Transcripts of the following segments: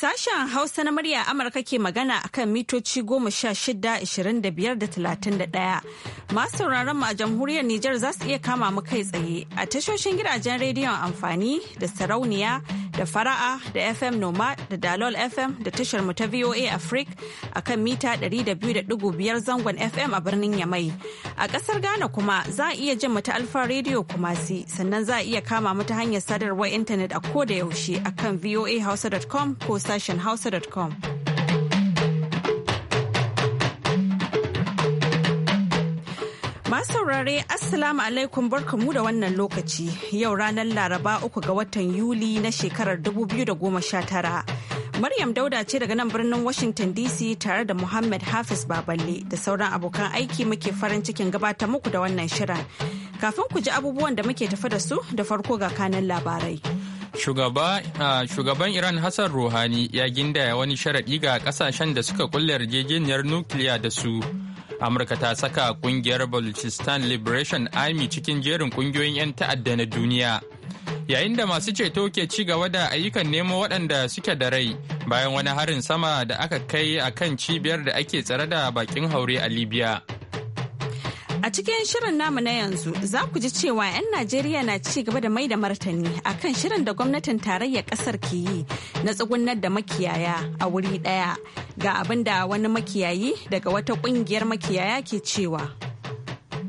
Sashen Hausa na murya Amurka ke magana kan mitoci goma sha shida, ishirin da biyar da talatin da ɗaya. Masu sauraron mu a jamhuriyar Nijar za su iya kama mu kai tsaye a tashoshin gidajen rediyon amfani da sarauniya da fara'a da fm noma da dalol fm da tashar mu ta voa africa a kan mita 200.5 zangon fm a birnin yamai a kasar ghana kuma za a iya jin mata alfa radio kumasi sannan za a iya kama mata hanyar sadarwar intanet a koda yaushe a kan voahausa.com ko sashen hausa.com Masu saurare Assalamu alaikum barkamu da wannan lokaci yau ranar Laraba uku ga watan Yuli na shekarar 2019. Maryam Dauda ce daga nan birnin Washington DC tare da Muhammad Hafiz Baballe da sauran abokan aiki muke farin cikin gabata muku da wannan shirin. Kafin ku ji abubuwan da muke tafi da su da farko ga kanan labarai. Shugaban Iran Hassan Rouhani ya gindaya wani sharaɗi ga ƙasashen da suka kulle yarjejeniyar nukiliya da su. amurka ta saka kungiyar balochistan liberation army cikin jerin kungiyoyin 'yan ta'adda na duniya yayin da masu ceto ke ci gaba da ayyukan nemo waɗanda suke da rai bayan wani harin sama da aka kai a kan cibiyar da ake tsare da bakin haure a libya A cikin shirin namu na yanzu za ku ji cewa 'yan Najeriya na ci gaba da mai da martani akan shirin da gwamnatin tarayyar ƙasar ke yi na tsugunar da makiyaya a wuri ɗaya ga abin da wani makiyayi daga wata ƙungiyar makiyaya ke cewa.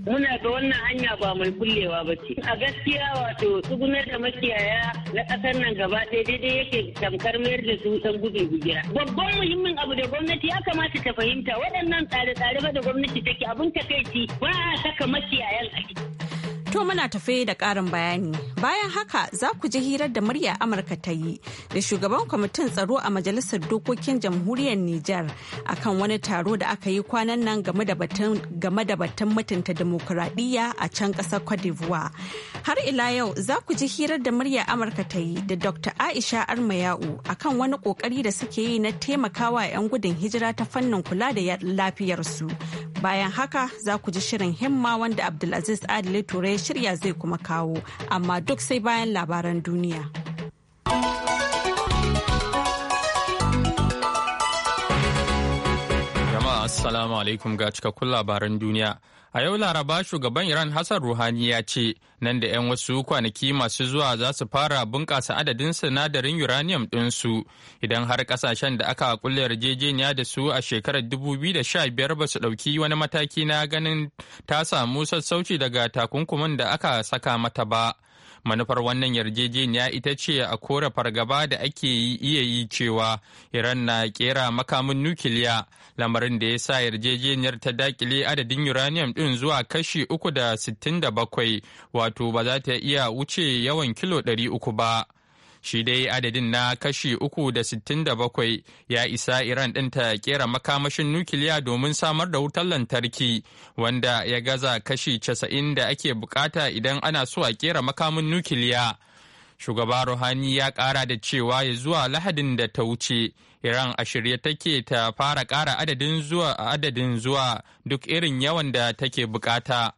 muna ga wannan hanya ba mai kullewa ba ce a gaskiya wato tsugunar da makiyaya na ƙasar nan gaba ɗaya daidai yake tamkar mayar da su san gudun hijira babban muhimmin abu da gwamnati ya kamata ta fahimta waɗannan tsare-tsare ba da gwamnati take abin takaici ba a saka makiyayan a ciki To muna tafe da ƙarin bayani. Bayan haka za ku ji hirar da murya Amurka ta yi da shugaban kwamitin tsaro a Majalisar Dokokin Jamhuriyar Nijar akan wani taro da aka yi kwanan nan game da batun mutunta demokuraɗiyya a can ƙasar Cote d'Ivoire. Har ila yau za ku ji hirar da murya Amurka ta yi da Dr. Aisha Armayau akan wani ƙoƙari da suke yi na taimakawa 'yan gudun hijira ta fannin kula da lafiyarsu. Bayan haka za ku ji shirin himma wanda Abdulaziz Adile Ture shirya zai kuma kawo amma duk sai bayan labaran duniya. Jama'a Assalamu alaikum ga cikakkun labaran duniya. A yau Laraba shugaban Iran Hassan Ruhani ya ce nan da 'yan wasu kwanaki masu zuwa za su fara bunƙasa adadin sinadarin uranium ɗinsu idan har ƙasashen da aka kulle yarjejeniya da su a shekarar 2015 ba su ɗauki wani mataki na ganin ta samu sassauci daga takunkumin da aka saka mata ba. manufar wannan yarjejeniya ita ce a kora fargaba da ake iya yi cewa iran na kera makamin nukiliya lamarin da ya sa yarjejeniyar ta dakile adadin uranium din zuwa kashi uku da sittin da bakwai wato ba za ta iya wuce yawan kilo ɗari uku ba shi dai adadin na kashi uku da sittin da bakwai ya isa iran ɗin ta kera makamashin nukiliya domin samar da wutar lantarki wanda ya gaza kashi casa'in da ake bukata idan ana so a kera makamin nukiliya shugaba ruhani ya kara da cewa ya zuwa lahadin da ta wuce iran a shirye take ta fara kara adadin zuwa adadin zuwa duk irin yawan da take bukata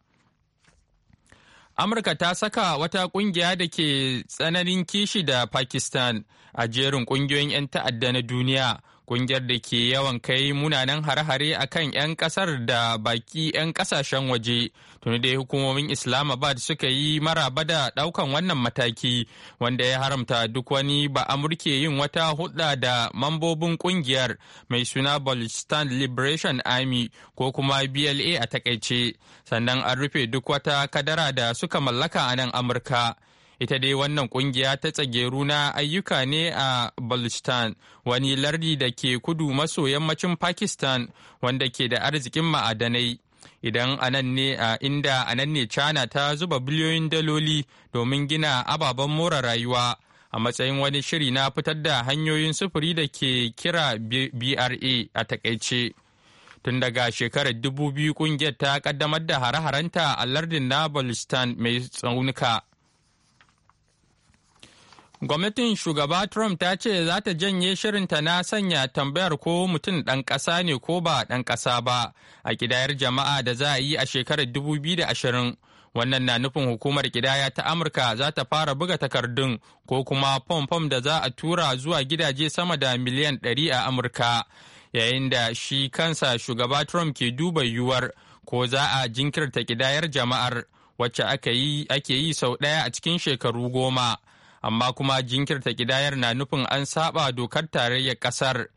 amurka ta saka wata kungiya da ke tsananin kishi da pakistan a jerin kungiyoyin 'yan ta'adda na duniya kungiyar da ke yawan kai munanan hare-hare a kan 'yan kasar da baki 'yan kasashen waje tuni dai hukumomin islamabad suka yi maraba da ɗaukan wannan mataki wanda ya haramta duk wani ba amurke yin wata hudda da mambobin kungiyar mai suna balistan liberation army ko kuma bla a takaice sannan an rufe duk wata kadara da suka mallaka a nan amurka Ita dai wannan kungiya ta tsageru na ayyuka ne a baluchistan wani lardi da ke kudu maso yammacin Pakistan wanda ke da arzikin ma'adanai. Idan anan ne a inda anan ne China ta zuba biliyoyin daloli domin gina ababen more rayuwa a matsayin wani shiri na fitar da hanyoyin sufuri da ke kira BRA a takaice. tun daga shekarar 2000 kungiyar ta kaddamar da hare-harenta a lardin na balistan mai tsaunuka Gwamnatin shugaba Trump ta ce za ta janye shirinta na sanya tambayar ko mutum ɗan ƙasa ne ko ba ɗan ƙasa ba a ƙidayar jama'a da za a yi a shekarar 2020. Wannan na nufin hukumar ƙidaya ta Amurka za ta fara buga takardun ko kuma fom-fom da za a tura zuwa gidaje sama da miliyan 100 a Amurka, yayin da shi kansa shugaba Trump ke duba yuwar ko za a jinkirta ƙidayar jama'ar wacce ake yi sau ɗaya a cikin shekaru goma. amma kuma jinkirta kidayar na nufin an saba dokar tarayyar kasar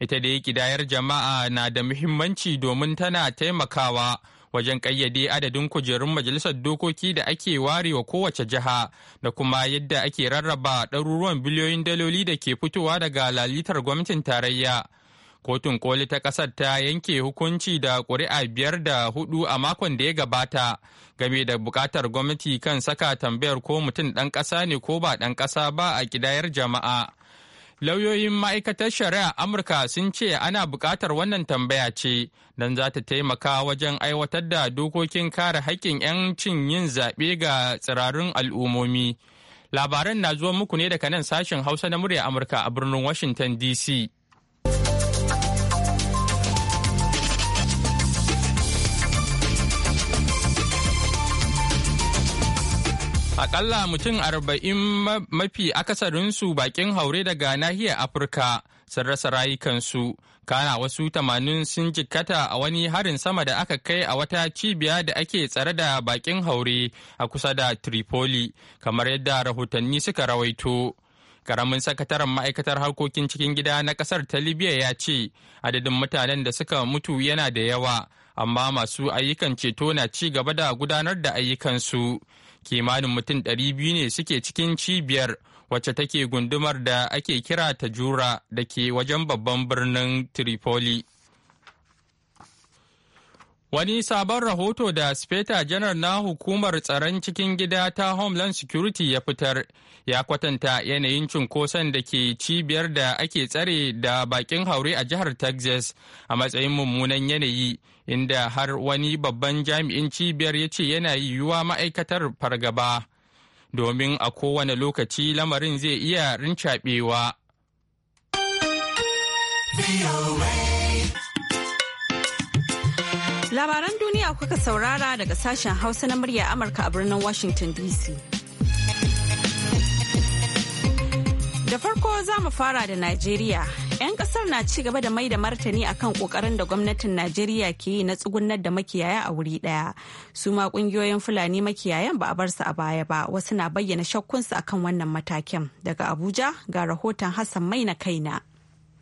ita dai kidayar jama'a na da muhimmanci domin tana taimakawa wajen ƙayyade adadin kujerun majalisar dokoki da ake ware wa kowace jiha da kuma yadda ake rarraba ɗaruruwan biliyoyin daloli da ke fitowa daga lalitar gwamnatin tarayya kotun koli ta kasar ta yanke hukunci da ƙuri'a biyar da hudu a makon da ya gabata game da bukatar gwamnati kan saka tambayar ko mutum ɗan ƙasa ne ko ba ɗan ƙasa ba a kidayar jama'a lauyoyin ma'aikatar shari'a amurka sun ce ana bukatar wannan tambaya ce don za ta taimaka wajen aiwatar da dokokin kare haƙƙin cin yin zaɓe ga tsirarun al'ummomi labaran na zuwa muku ne daga nan sashen hausa na murya amurka a birnin washington dc Akalla mutum arba'in mafi akasarinsu bakin haure daga nahiyar Afirka sun rasa rayukansu, kana wasu tamanin sun jikkata a wani harin sama da aka kai a wata cibiya da ake tsare da bakin haure a kusa da Tripoli, kamar yadda rahotanni suka rawaito. Karamin sakataren ma'aikatar harkokin cikin gida na kasar ta Libya ya ce, adadin mutanen da suka mutu yana da yawa. amma masu ayyukan ceto na ci gaba da gudanar da ayyukansu kimanin mutum 200 ne suke cikin cibiyar wacce take gundumar da ake kira ta jura da ke wajen babban birnin tripoli Wani sabon rahoto da Speta janar na hukumar tsaron cikin gida ta Homeland Security ya fitar ya kwatanta yanayin cunkoson da ke cibiyar da ake tsare da bakin haure a jihar Texas a matsayin mummunan yanayi inda har wani babban jami'in cibiyar ya ce yana yiwuwa ma'aikatar fargaba domin a kowane lokaci lamarin zai iya rincaɓewa. Labaran duniya kuka saurara daga sashen Hausa na murya Amurka a birnin Washington DC. Da farko za mu fara da Najeriya. 'Yan kasar na ci gaba da mai da martani akan kokarin da gwamnatin Najeriya ke yi na tsugunar da makiyaya a wuri daya. Su ma kungiyoyin Fulani makiyayan ba a bar su a baya ba, wasu na bayyana shakkunsu akan wannan matakin. Daga Abuja ga rahoton Hassan Mai na kaina.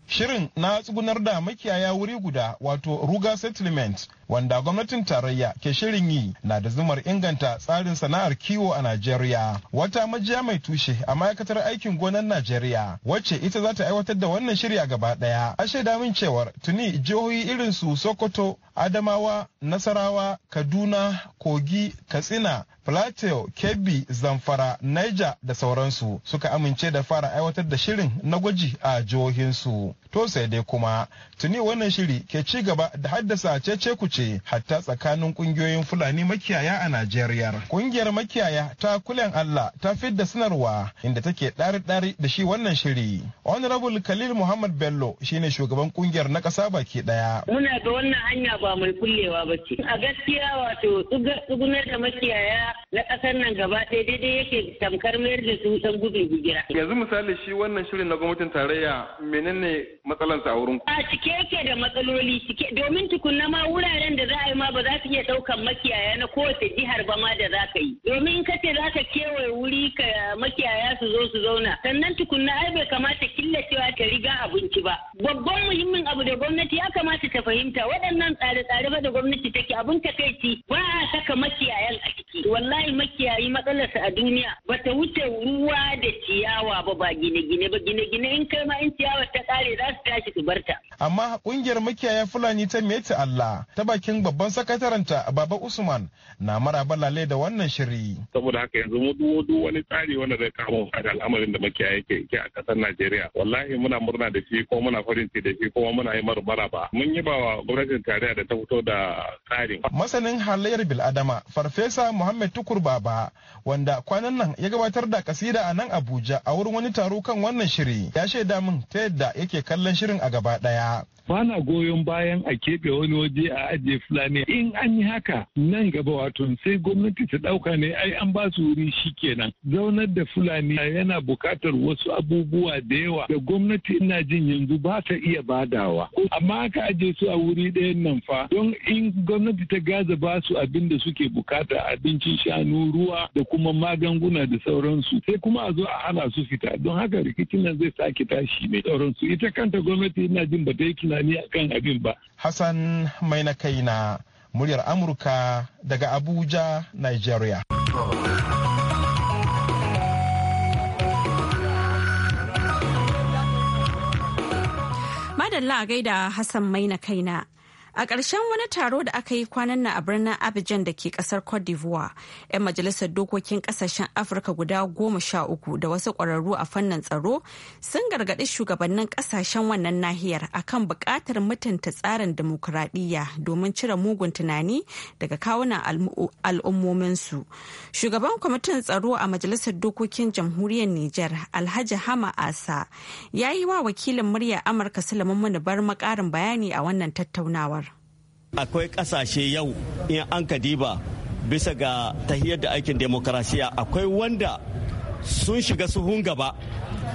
Shirin na tsugunar da makiyaya wuri guda wato Ruga Settlement wanda gwamnatin tarayya ke shirin yi na da zumar inganta tsarin sana'ar kiwo a Najeriya. Wata majiya mai tushe a ma'aikatar aikin gonar Najeriya wacce ita za ta aiwatar da wannan shirya gaba ɗaya. A shaida min cewar tuni jihohi irin su Sokoto, Adamawa, Nasarawa, Kaduna, Kogi, Katsina, Plateau, Kebbi, Zamfara, Niger da sauransu suka amince da fara aiwatar da shirin na gwaji a jihohinsu. To sai dai kuma tuni wannan shiri ke ci gaba da haddasa cece ce, hatta tsakanin kungiyoyin fulani makiyaya a najeriya kungiyar makiyaya ta kulen allah ta da sanarwa inda take ɗari-ɗari da shi wannan shiri honorable khalil muhammad bello shine shugaban kungiyar na kasa baki ɗaya muna ga wannan hanya ba mai kullewa ba ce a gaskiya wato tsugunar da makiyaya na ƙasar nan gaba ɗaya daidai yake tamkar mayar da su dan gudun hijira yanzu misali shi wannan shirin na gwamnatin tarayya menene matsalansa a wurin ku a cike yake da matsaloli domin tukunna ma wuraren da za a yi ma ba za su iya ɗaukan makiyaya na kowace jihar ba ma da za ka yi. Domin ka ce za ka kewaye wuri ka makiyaya su zo su zauna. Sannan tukunna ai bai kamata killacewa ta riga abinci ba. Babban muhimmin abu da gwamnati ya kamata ta fahimta waɗannan tsare-tsare ba da gwamnati ta ke abin takaici ba a saka makiyayan a ciki. Wallahi makiyayi matsalarsa a duniya ba ta wuce ruwa da ciyawa ba ba gine-gine ba gine-gine in kai ma in ciyawa ta ƙare za su tashi su barta. amma kungiyar makiyaya fulani ta meti allah ta bakin babban sakataranta baba usman na maraba lale da wannan shiri saboda haka yanzu mu duwo wani tsari wanda zai kawo da al'amarin da makiyaya ke ke a kasar najeriya wallahi muna murna da shi ko muna farin ciki da shi kuma muna yi mara ba mun yi bawa gwamnatin tarayya da ta fito da tsarin masanin halayyar biladama farfesa muhammad tukur baba wanda kwanan nan ya gabatar da kasida a nan abuja a wurin wani taro kan wannan shiri ya shaida min ta yadda yake kallon shirin a gaba daya ba. na goyon bayan a keɓe wani waje a ajiye Fulani. In an yi haka nan gaba wato sai gwamnati ta ɗauka ne ai an ba su wuri shi kenan. Zaunar da Fulani yana buƙatar wasu abubuwa da yawa da gwamnati ina jin yanzu ba ta iya badawa. Amma aka ajiye su a wuri ɗayan nan fa don in gwamnati ta gaza ba su abin da suke bukata abincin shanu ruwa da kuma magunguna da sauransu sai kuma a zo a hana su fita don haka rikicin nan zai sake tashi ne sauransu ita kanta gwamnati ina jin ba ta yi yi tunani kan abin ba. Hassan mai na kai na muryar Amurka daga Abuja, Nigeria. Madalla gaida Hassan mai na kai na. A ƙarshen wani taro da aka yi kwanan nan a birnin Abidjan da ke ƙasar Cote d'Ivoire, 'yan majalisar dokokin ƙasashen Afirka guda goma sha uku da wasu ƙwararru a fannin tsaro sun gargaɗi shugabannin ƙasashen wannan nahiyar akan buƙatar mutunta tsarin dimokuraɗiyya domin cire mugun tunani daga kawunan al'ummominsu. Shugaban kwamitin tsaro a majalisar dokokin jamhuriyar Nijar, Alhaji Hama Asa, ya yi wa wakilin murya Amurka Sulaiman bar makarin bayani a wannan tattaunawar. akwai kasashe yau in an diba bisa ga tahiyar da aikin demokarasiya akwai wanda sun shiga suhun gaba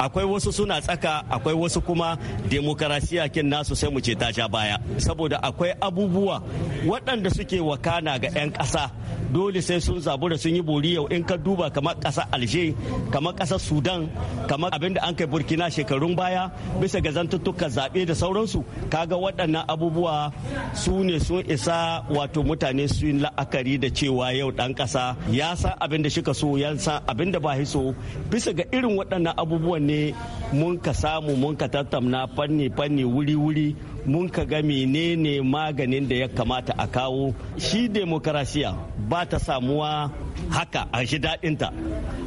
akwai wasu suna tsaka akwai wasu kuma demokarasiya kin nasu sai mu ce ta ja baya saboda akwai abubuwa waɗanda suke wakana ga 'yan ƙasa dole sai sun zabu da sun yi bori yau in ka duba kamar ƙasar alje kamar ƙasar sudan kamar abin da an kai burkina shekarun baya bisa ga zantuttuka zaɓe da sauransu kaga waɗannan abubuwa su ne sun isa wato mutane su yi la'akari da cewa yau ɗan ƙasa ya san abin da shika so ya san abin da ba so bisa ga irin waɗannan abubuwan ne mun ka samu mun ka tattamna fanni fanni wuri wuri mun ka ga menene maganin da ya kamata a kawo shi demokarasiya ba ta samuwa haka a shi daɗinta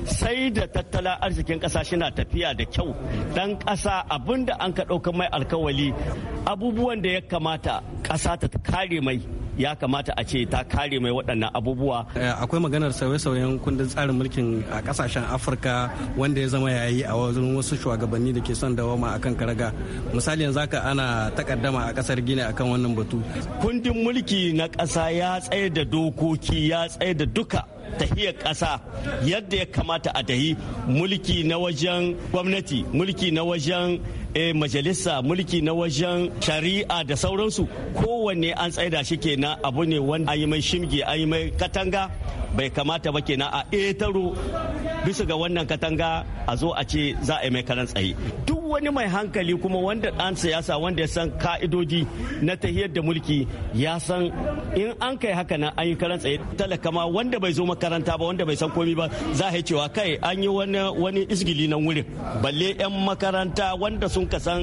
sai da tattalin arzikin ƙasa shina tafiya da kyau ɗan ƙasa abinda an ka ɗauka mai alkawali abubuwan da ya kamata ƙasa ta kare mai ya kamata a ce ta kare mai waɗannan abubuwa. Eh, akwai maganar sauye-sauyen kundin tsarin mulkin a ƙasashen Afirka wanda ya zama yayi a wajen wasu shugabanni da ke son dawama a kan karaga. Misali yanzu ana takarda takaddama a kasar gini akan wannan batu kundin mulki na kasa ya tsaye da dokoki ya tsaye da duka tahiyar kasa yadda ya kamata a tahi mulki na wajen gwamnati mulki na wajen eh, majalisa mulki na wajen shari'a da sauransu kowanne an tsaida shi kenan abu ne wanda an yi mai shimge an yi mai katanga bai kamata ba kenan a etaro bisa ga wannan katanga a zo a ce za a yi mai karan tsaye duk wani mai hankali kuma wanda ɗan siyasa wanda ya san ka'idoji na tahiyar da mulki ya san in an kai haka nan an yi karan tsaye talaka wanda bai zo makaranta ba wanda bai san komi ba za a yi cewa kai an yi wani isgili na wurin balle 'yan makaranta wanda sun ka san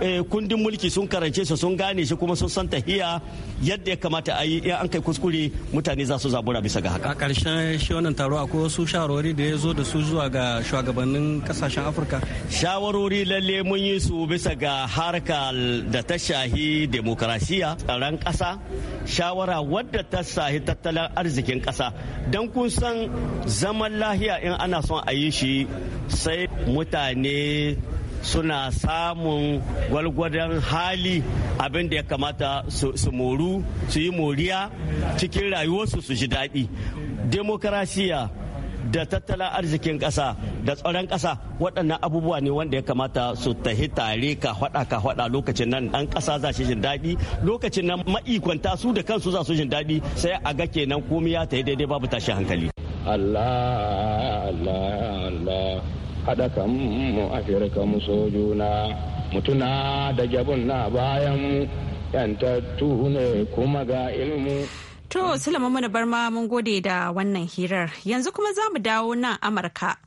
Eh, kundin mulki sun karance shi sun gane shi kuma sun san tahiya yadda ya kamata a yi in an kai kuskure mutane za su zabura bisa ga haka a ƙarshen shi wannan taro akwai wasu shawarori da ya zo da su zuwa ga shugabannin kasashen afirka Shawarori lalle mun yi su bisa ga harka da ta shahi demokarasiya tsaron ƙasa shawara wadda ta shahi tattalin arzikin kasa don kun san zaman lahiya in ana son a yi shi sai mutane suna samun gwalgwadon hali abin da ya kamata su moru su yi moriya cikin rayuwarsu su ji daɗi demokarasiya da tattalin arzikin ƙasa da tsaron ƙasa waɗannan abubuwa ne wanda ya kamata su tahi tare ka faɗa ka faɗa lokacin nan ɗan ƙasa za su jin daɗi lokacin nan ma'ikwanta su da kansu za su jin daɗi sai a ga kenan komai ya tayi daidai babu tashi hankali Allah Allah Allah haɗa kan mu afirka mu sojuna mutuna da jabun na bayan mu yantattu ne kuma ga ilmu To, Sulaiman Barma mun gode da wannan hirar. Yanzu kuma za mu dawo nan Amurka.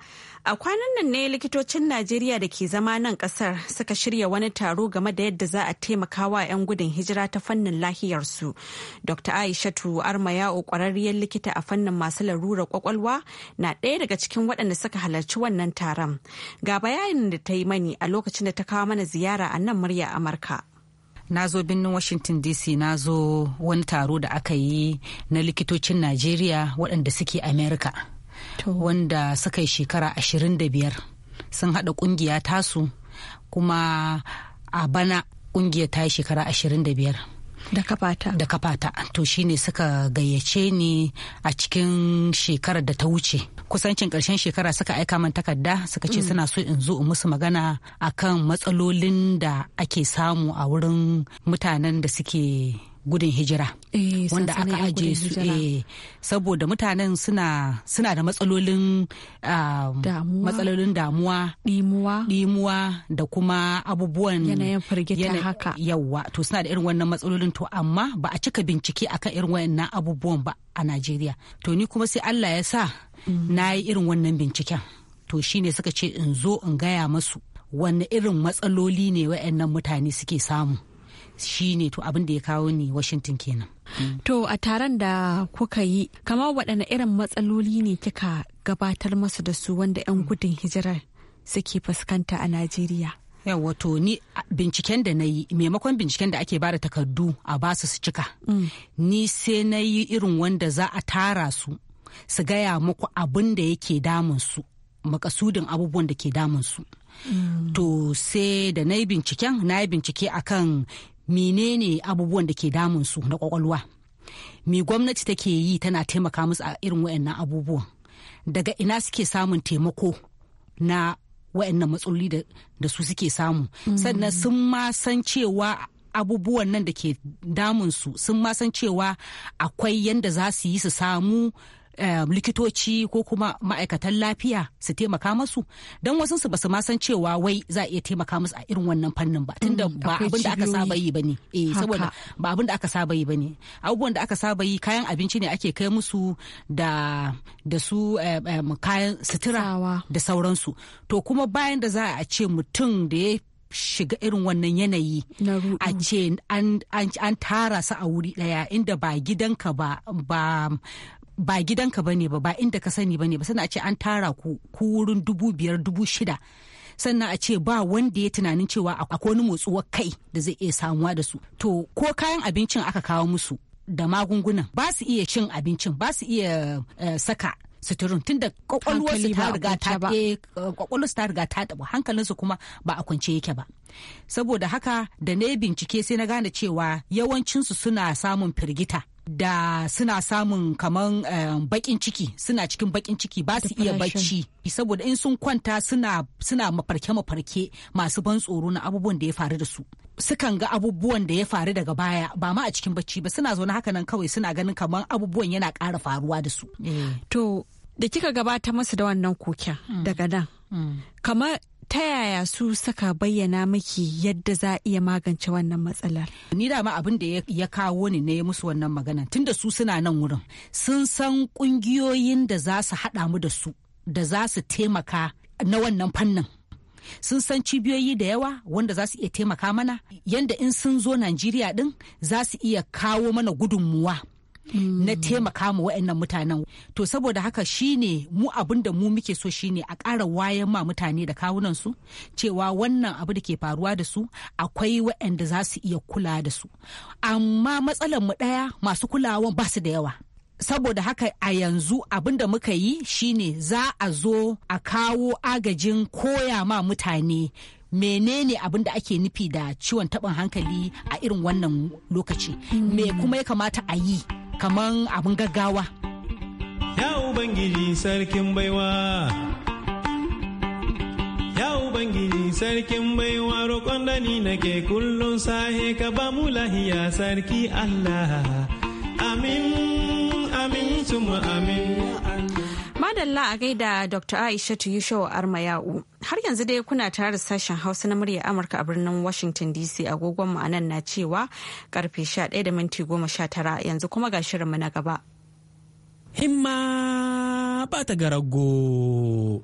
A kwanan nan ne likitocin Najeriya da ke zama nan kasar suka shirya wani taro game da yadda za a taimaka wa 'yan gudun hijira ta fannin lahiyarsu. Dr. Aishatu Armayao kwararriyar likita a fannin masu larurar kwakwalwa na ɗaya daga cikin waɗanda suka halarci wannan taron. Ga bayanin da ta yi mani a lokacin da ta kawo mana ziyara a nan murya Amurka. na zo birnin washington dc na zo wani taro da aka yi na likitocin najeriya waɗanda suke america wanda suka yi shekara 25 sun haɗa ƙungiya tasu kuma a bana kungiya ta yi shekara 25 da kafata da kafata to shine suka gayyace ni a cikin shekarar da ta wuce kusancin karshen shekara suka aika min takarda suka ce mm. suna so in zo in musu magana akan matsalolin da ake samu a wurin mutanen da suke gudun hijira eh, wanda aka aje su eh, saboda mutanen suna da matsalolin um, matsalolin damuwa dimuwa da kuma abubuwan yanayin firgita haka yawa to suna da irin wannan matsalolin to amma ba a cika bincike akan irin wannan abubuwan ba a Najeriya to ni kuma sai Allah ya sa mm. na yi irin wannan binciken to shine suka ce in zo in gaya masu wanne irin matsaloli ne waɗannan mutane suke samu Shi ne to abin da ya kawo ni washington kenan mm. to a taron da kuka yi kamar waɗanne irin matsaloli ne kika gabatar masu da su wanda 'yan mm. gudun hijirar suke fuskanta a najeriya yawa to ni binciken da na yi maimakon binciken da ake bada takardu a basu su cika mm. ni sai na yi irin wanda za a tara su su gaya muku abin da yake damun su makasudin abubuwan da ke damun su to sai da na yi binciken na yi bincike akan menene abubuwan da ke damun su na kwakwalwa me gwamnati take yi tana taimaka musu a irin wayannan abubuwan daga ina suke samun taimako na wayannan matsaloli da su suke samu mm. sannan sun ma san cewa abubuwan nan da ke damun su sun ma san cewa akwai yanda za su yi su samu Eh, likitoci ko kuma ma'aikatan lafiya su taimaka masu don wasu su basu masan cewa wai za a iya taimaka musu a irin wannan fannin ba tunda mm, ba abin da aka saba yi bane eh saboda ba abin da aka saba yi bane abubuwan da aka saba yi kayan abinci ne ake kai musu da da su eh, eh, kayan sutura da sauransu to kuma bayan da za a ce mutum da ya shiga irin wannan yanayi a ce an tara su a wuri daya inda ba gidanka ba ba gidanka ba ne ba ba inda ka sani ba ne ba sannan a ce an tara ku ku wurin dubu biyar dubu shida sannan a ce ba wanda ya tunanin cewa akwai wani motsuwar kai da zai iya samuwa da su to ko kayan abincin aka kawo musu da magungunan ba su iya cin abincin ba su iya eh, saka suturin tunda eh, kwakwalwarsu ta riga ta ta riga ta hankalinsu kuma ba a kwance yake ba saboda haka da na bincike sai na gane cewa yawancinsu suna samun firgita da suna samun kaman eh, bakin ciki suna cikin bakin ciki ba su iya bacci saboda in sun kwanta suna mafarke-mafarke masu ban tsoro na abubuwan da ya faru da su sukan ga abubuwan da ya faru daga baya ba ma a cikin bacci ba suna zaune haka nan kawai suna ganin kaman abubuwan yana ƙara faruwa da su eh. to da kika gabata masu da wannan koken hmm. daga nan hmm. kamar ta yaya su saka bayyana miki yadda za iya magance wannan matsalar? Ni dama abin da ya kawo ni na yi musu wannan magana tunda su suna nan wurin sun san kungiyoyin da za su haɗa mu da su da za su taimaka na wannan fannin. Sun san cibiyoyi da yawa wanda za su iya taimaka mana yadda in sun zo Najeriya ɗin za su iya kawo mana gudunmuwa. na taimaka ma wa'annan mutanen to saboda haka shine mu abin da mu muke so shine a ƙara wayan ma mutane da kawunan su cewa wannan abu da ke faruwa da su akwai wa'anda za su iya kula da su amma matsalar mu ɗaya masu kulawa ba su da yawa saboda haka a yanzu abin da muka yi shine za a zo a kawo agajin koya ma mutane menene abin da ake nufi da ciwon taɓin hankali a irin wannan lokaci me kuma ya kamata a yi kaman abin gaggawa ya ubangiji sarkin baiwa ya ubangiji sarkin baiwa roƙon da ni nake kullum sahe ka ba mu lahiya sarki allah amin amin tuma amin madalla a gaida Dr. Aisha Yusho Armayau. Har yanzu dai kuna tare da sashen Hausa na murya Amurka a birnin Washington DC agogon mu anan na cewa karfe 11:19 da minti yanzu kuma ga shirinmu na gaba. Himma ba ta garago.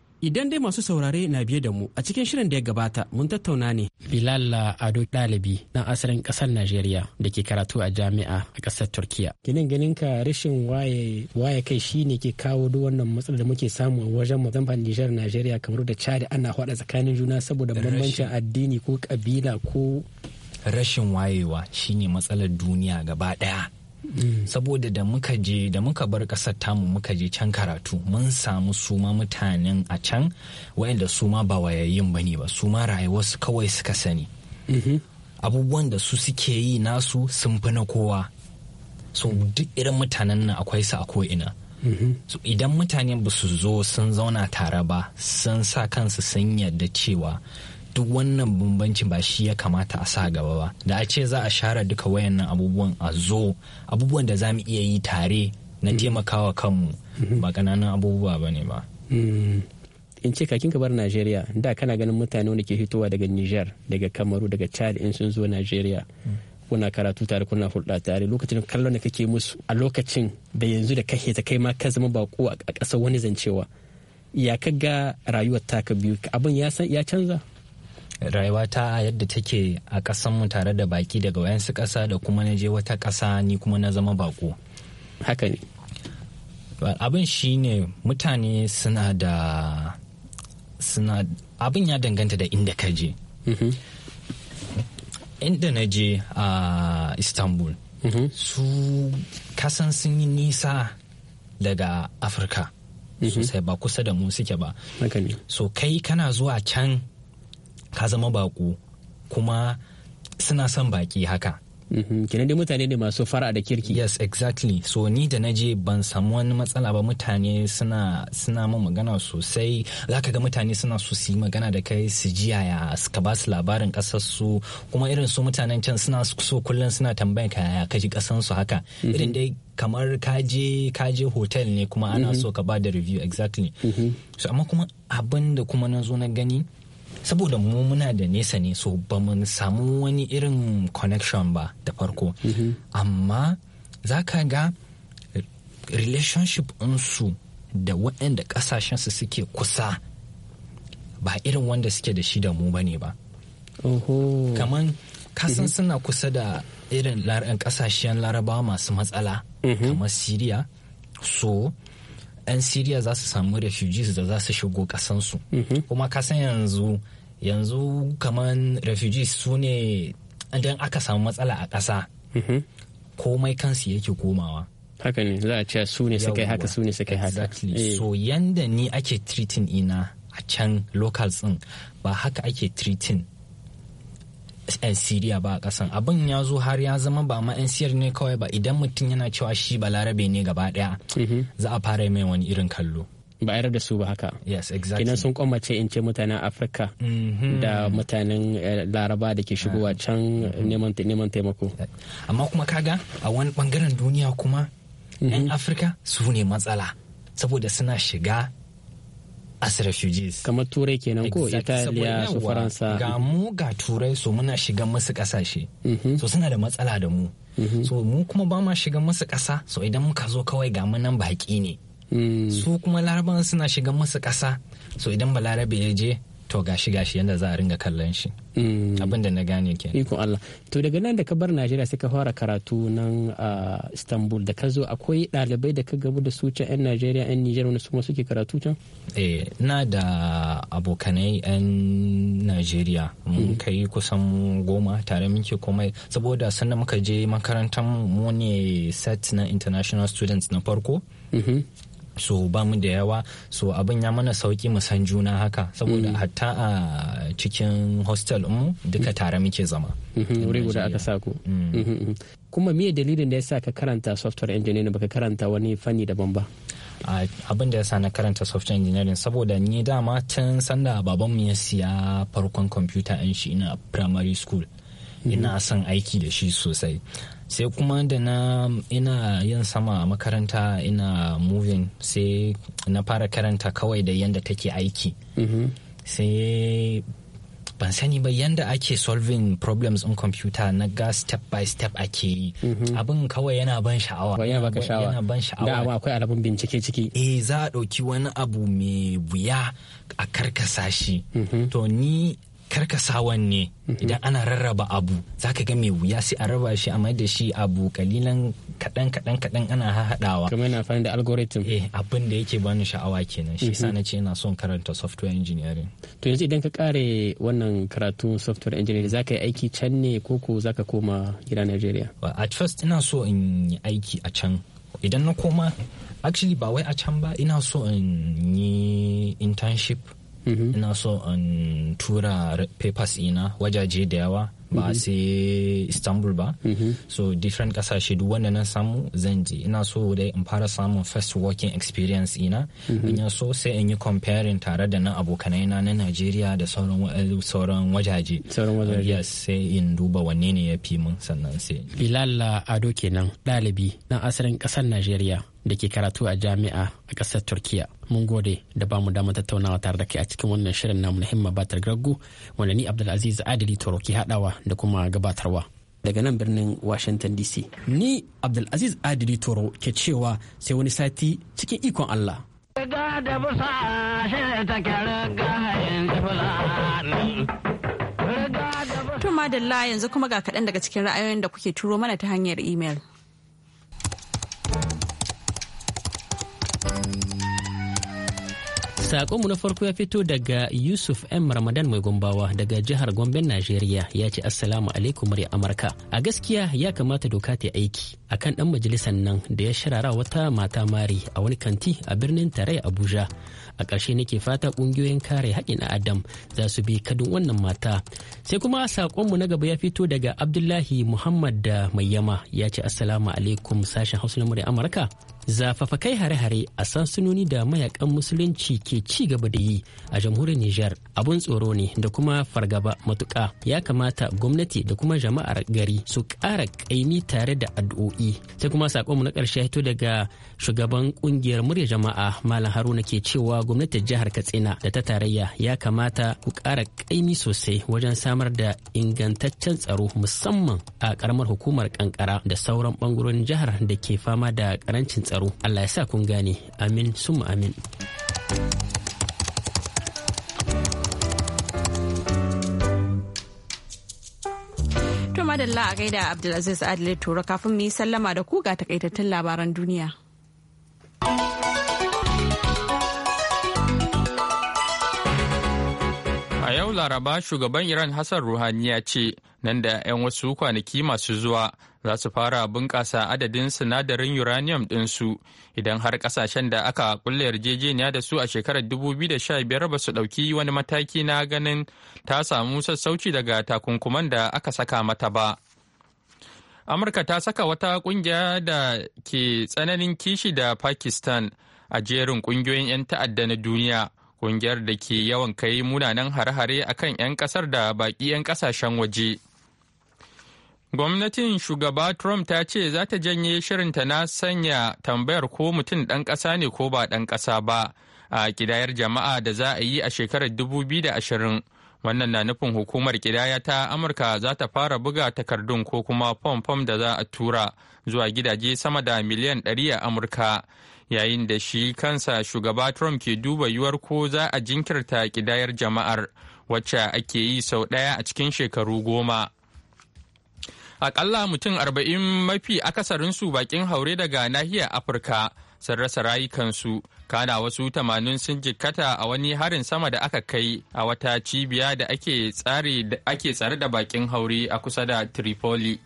Idan dai masu saurare na biye da mu a cikin shirin da ya gabata mun tattauna ne. Bilal Ado ɗalibi ɗan asalin ƙasar Najeriya da ke karatu a jami'a a ƙasar Turkiya. Ginin ganin ka rashin waye waye kai shi ne ke kawo duk wannan matsalar da muke samu a wajen mazamban Nijar Najeriya kamar da Chad ana haɗa tsakanin juna saboda bambancin addini ko kabila ko rashin wayewa shine matsalar duniya gaba ɗaya. saboda da muka je da muka bar kasar tamu muka je can karatu mun samu suma mutanen a can wayanda suma ba wayayin ne ba suma rayuwarsu kawai suka sani mm-hmm. abubuwan da su suke yi nasu sun fi na kowa so duk irin mutanen nan akwai su a ko'ina mm-hmm. so idan mutane ba su zo sun zauna tare ba sun sa kansu sun yarda cewa duk wannan bambancin ba shi ya kamata a sa gaba ba da a ce za a share duka wayannan abubuwan a zo abubuwan da za mu iya yi tare na mm. taimakawa kanmu mm-hmm. ba ƙananan abubuwa ba ne ba mm. in ce kakin bar najeriya da kana ganin mutane wanda ke fitowa daga niger daga kamaru daga chad in sun zo najeriya mm. kuna karatu tare kuna hulɗa tare lokacin kallon da kake musu a lokacin da yanzu da kake ta kai ma ka zama bako a ƙasar wani zancewa ya ka ga rayuwar taka biyu abin ya canza rayuwa ta yadda take a ƙasanmu tare da baki daga wayansu ƙasa da kuma na je wata ƙasa ni kuma na zama bako haka ne abin shi ne mutane suna da suna abin ya danganta da inda ka je mm-hmm. inda na je a istanbul mm-hmm. su kasan sun yi nisa daga afirka mm-hmm. sosai ba kusa da mu suke ba so kai kana zuwa can ka zama baƙo kuma suna son baƙi haka mhm. kina dai mutane ne masu fara da kirki yes exactly so ni da naje ban samu wani matsala ba mutane suna suna ma magana sosai zaka ga mutane suna so su yi magana da kai su ji yaya suka ba su labarin kasar su kuma irin su mutanen can suna so kullum suna tambayan ka yaya kaji kasan su haka mhm. irin dai kamar kaje kaje hotel ne kuma ana mhm. so ka ba da review exactly so amma kuma abin da kuma na zo na gani saboda mu muna da nesa ne so ba mu samu wani irin connection ba da farko mm-hmm. amma za ka ga relationship su da waɗanda su suke kusa ba irin wanda suke da shi da mu bane ba kaman kasan mm-hmm. suna kusa da irin ƙasashen larabawa masu matsala mm-hmm. kamar siriya so 'yan siriya za su samu refugees da za su shigo kasansu kuma kasan yanzu yanzu kaman refugees su ne idan aka samu matsala a ƙasa mhm. komai kansu yake komawa haka ne za a ce su ne suka yi haka su ne suka yi haka exactly eh. so yanda ni ake treating ina a can locals din ba haka ake treating 'yan siriya ba a kasan abin ya zo har ya zama ba ma 'yan siyar ne kawai ba idan mutum yana cewa shi balarabe ne gaba daya mhm. za a fara mai wani irin kallo ba yarda da su ba haka yes exactly kenan sun kwamace in ce mutanen afirka mm-hmm. da mutanen eh, laraba da ke shigowa ah. can mm-hmm. neman taimako amma kuma kaga a wani bangaren duniya kuma mm-hmm. 'yan afirka su ne matsala saboda suna shiga as refugees kamar turai kenan ko italiya su faransa ga mu ga turai so muna shiga masu kasashe so suna da matsala da mu so mu kuma ba ma shiga masu kasa so idan muka zo kawai ga mu nan baki ne Hmm. su kuma laraban suna shiga masa ƙasa so idan balarabe ya je to gashi gashi yadda za a ringa kallon shi hmm. Abinda na gane ke ikon Allah to daga nan da ka bar Najeriya sai ka fara karatu nan a Istanbul da ka zo akwai ɗalibai da ka gabu da su can 'yan Najeriya 'yan Nijar wanda su suke karatu can eh na da abokanai 'yan Najeriya mun hmm. kai kusan goma tare muke komai saboda sannan muka je makarantar mu ne set na international students na farko mm-hmm. so ba mu da yawa so abin ya mana sauki mu san juna haka saboda mm. hatta a cikin hostel mu duka mm. tare muke zama mm-hmm. wuri guda aka sa ku mm. mm-hmm, mm-hmm. kuma me dalilin da yasa ka karanta software engineering baka karanta wani fanni daban ba abin da yasa na karanta software engineering saboda ni dama tun sanda babanmu ya siya farkon computer in shi ina primary school ina son aiki da shi sosai sai kuma da na ina yin sama a makaranta ina moving sai na fara karanta kawai da yadda take aiki mm-hmm. sai ban sani ba yanda ake solving problems in computer na ga step by step ake yi mm-hmm. abin kawai yana ban sha'awa yana sha'awa yana ban sha'awa da amma akwai alamun bincike ciki eh za a ɗauki wani abu mai wuya a karkasa shi mm-hmm. to ni karkasawan ne mhm. idan ana rarraba abu zaka ga mai wuya sai a raba shi a mai da shi abu kalilan kaɗan kaɗan kaɗan ana haɗawa kuma yana fani da algorithm eh abin da yake bani sha'awa kenan shi yasa mhm. ce ina son karanta software engineering to yanzu idan ka kare wannan karatu software engineering zaka yi aiki can ne ko ko zaka koma gida Najeriya at first ina so in yi aiki a can idan na koma actually ba wai a can ba ina so in yi internship Mhm. ina so in tura papers ina wajaje da yawa ba a mhm. sai istanbul ba mhm. so different kasashe duk wanda na samu zan je ina so dai in fara samun first working experience ina in so sai in yi comparing tare da nan abokanai na na Najeriya da eh, sauran wajaje sauran wajaje yes sai in duba wanne ne ya fi mun sannan sai Bilal Ado kenan dalibi na asalin kasar Najeriya da ke karatu a jami'a a kasar Turkiya mun gode da ba mu dama tattaunawa tare da kai a cikin wannan shirin namu na himma batar gaggu wanda ni abdulaziz adili toro ke hadawa da kuma gabatarwa daga nan birnin washington dc ni abdulaziz adili toro ke cewa sai wani sati cikin ikon allah Riga da yanzu kuma ga kaɗan daga cikin ra'ayoyin da kuke turo mana ta hanyar imel. Sakonmu na farko ya fito daga Yusuf M. Ramadan mai gombawa daga jihar Gomben Najeriya ya ce Assalamu alaikum murya Amurka. A gaskiya ya kamata doka ta aiki akan ɗan majalisar nan da ya shirara wata mata mari a wani kanti a birnin tarayya Abuja. a ƙarshe nake fata ƙungiyoyin kare haƙƙin adam za su bi kadin wannan mata sai kuma saƙonmu na gaba ya fito daga abdullahi muhammad da mayyama ya ce assalamu alaikum sashen hausa na murya amurka zafafa kai hare-hare a sansanoni da mayakan musulunci ke ci gaba da yi a jamhuriyar Nijar abun tsoro ne da kuma fargaba matuƙa ya kamata gwamnati da kuma jama'ar gari su ƙara ƙaimi tare da addu'o'i sai kuma saƙonmu na ƙarshe fito daga shugaban ƙungiyar murya jama'a malam haruna ke cewa gwamnatin jihar katsina da ta tarayya ya kamata ku ƙara ƙaimi sosai wajen samar da ingantaccen tsaro musamman a ƙaramar hukumar kankara da sauran ɓangarorin jihar da ke fama da ƙarancin tsaro allah ya sa kun gane amin sum amin madalla a gaida Abdulaziz Adile Turo kafin mu yi sallama da ku ga takaitattun labaran duniya. yau laraba shugaban iran hassan ruhani ya ce nan da 'yan wasu kwanaki masu zuwa za su fara bunƙasa adadin sinadarin uranium ɗinsu idan har ƙasashen da aka kulle yarjejeniya da su a shekarar 2015 ba su ɗauki wani mataki na ganin ta samu sassauci daga takunkuman da aka saka mata ba. amurka ta saka wata kungiya da ke tsananin kishi da pakistan a jerin kungiyoyin 'yan ta'adda na duniya ƙungiyar da ke yawan kai munanan hare-hare a kan 'yan kasar da baƙi 'yan ƙasashen waje. Gwamnatin shugaba Trump ta ce za ta janye shirinta na sanya tambayar ko mutum ɗan ƙasa ne ko ba ɗan ƙasa ba a ƙidayar jama'a da za a yi a shekarar 2020. Wannan na nufin hukumar ƙidaya ta Amurka za ta fara buga takardun ko kuma fom-fom da za a tura. zuwa gidaje sama da miliyan 100 a Amurka. Yayin da shi kansa shugaba Trump ke duba yuwar ko za a jinkirta kidayar jama'ar wacce ake yi sau ɗaya a cikin shekaru goma. Akalla mutum arba'in mafi akasarinsu bakin haure daga nahiyar Afirka sun rasa rayukansu, kana wasu tamanin sun jikkata a wani harin sama da aka kai a wata cibiya da ake tsare da bakin haure a kusa da Tripoli.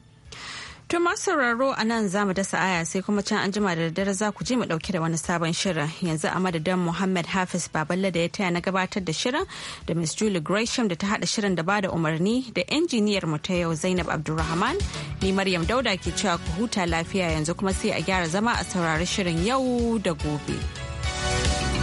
To masu sauraro a nan za mu dasa aya sai kuma can an jima da daddare za ku je mu dauke da wani sabon shirin yanzu a madadin Muhammad Hafiz Baballe da ya taya na gabatar da shirin da Miss Julie Gresham da ta hada shirin da bada umarni da injiniyar mu ta yau Zainab Abdulrahman ni Maryam Dauda ke cewa ku huta lafiya yanzu kuma sai a gyara zama a saurari shirin yau da gobe.